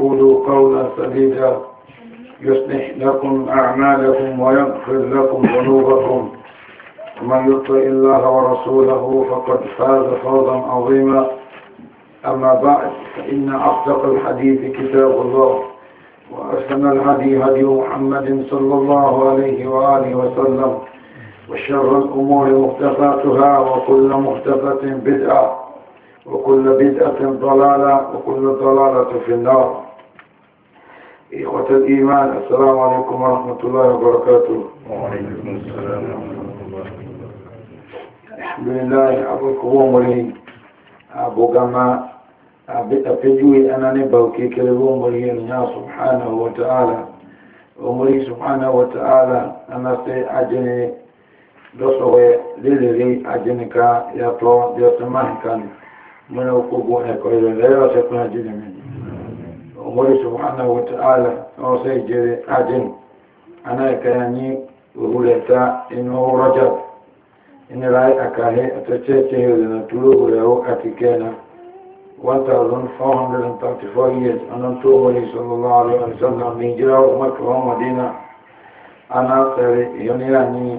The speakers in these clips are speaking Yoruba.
وقولوا قولا سديدا يصلح لكم أعمالكم ويغفر لكم ذنوبكم ومن يطع الله ورسوله فقد فاز فوزا عظيما أما بعد فإن أصدق الحديث كتاب الله وأحسن الهدي هدي محمد صلى الله عليه وآله وسلم وشر الأمور مختفاتها وكل مختفة بدعة وكل بدعة ضلالة وكل ضلالة في النار إخوة الإيمان السلام عليكم ورحمة الله وبركاته وعليكم السلام ورحمة الله الحمد لله أبوكم ومرين أبو جماعة أبتجوي أنا نبوكي كلبو مرين الله سبحانه وتعالى ومري سبحانه وتعالى أنا سأجني دسوه للي أجنك يا طول دسمه كان من أقوبه أكويل لا يوسف أجني مني Omori subhanahu wa ta'ala wọ́n sẹ́ ìjẹrẹ ajin anáìkẹyà ní òhúrẹta inú rọ́jà inira àkàhẹ́ àtẹ́tẹ́tẹ́ ìrìnà túró òrẹ̀wó àti kẹ́nà 1434 years anan tó wọlé sallallahu alaihi wa sallam ní ìjírá mọ́kà wọn mọ̀dínà aná sẹ́rẹ̀ ìyọ́nira ní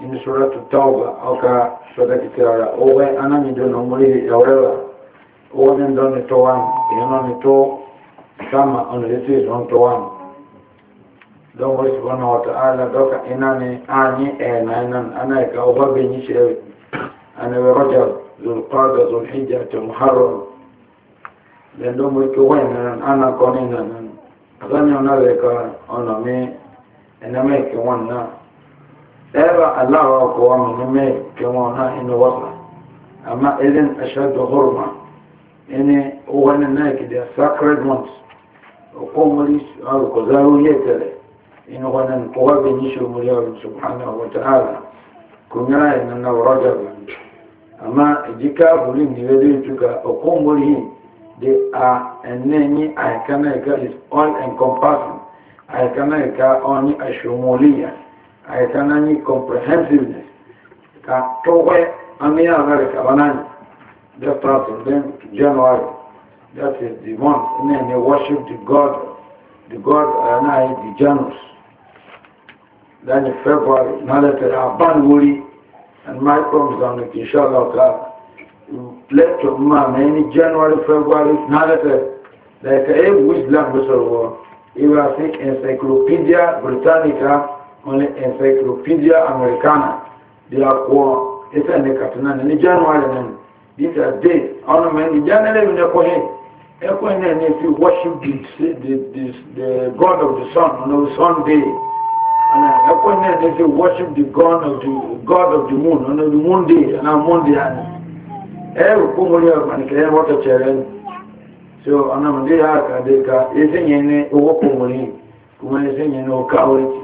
in suratu tauba oka sodaki tiara owe anami dono muri yawrewa owe men doni to wan yano ni to kama on leti don to wan don wori subhanahu wa ta'ala doka inani ani e nainan ana ka oba be ni shewe ana we rajab zul qada zul hijja to muharram den don wori ko wenan ana konina nan azani ona le ka ona me ename ke wanna ɗaya allawa kowa mai mai kewa na ina wasa amma irin ashadu hurma ina wani na ki da sacred months ko muri ko zaru ya tare ina wani kowa bin yi shirmu ya wani subhanahu wa ta'ala kun yana yana na waraja ba amma jika bulin ni wede tuka ko muri de a enenyi aikana ka is all encompassing aikana ka oni ashumuliya a aisanani comprehensiveness ka towe amina america banani that process then january that is the month and then they worship the god the god anai e, e the janus then in february now that they are banwuri and my promise on the inshallah ka let to ma many january february now that like a wisdom was over you are think e encyclopedia britannica wani encyclopedia americana di akɔ ɛsɛ ne katina ne january ne these are days ɔno oh, mɛ ne january mi ne kɔ hɛ ɛkɔ fi worship the the the the god of the sun on the sun day ɛna ɛkɔ hɛ ne fi worship the god of the god of the moon on the moon day ɛna moon day ani ɛyɛ kó mo ní ɔgbà ne kɛyɛ wɔtɔ kyerɛ ne so ɔno mo de yɛ aka de ka ɛsɛ nyɛ ne ɔwɔ kó mo ní kó mo ní ɛsɛ nyɛ ne ɔka ɔrɛ ti.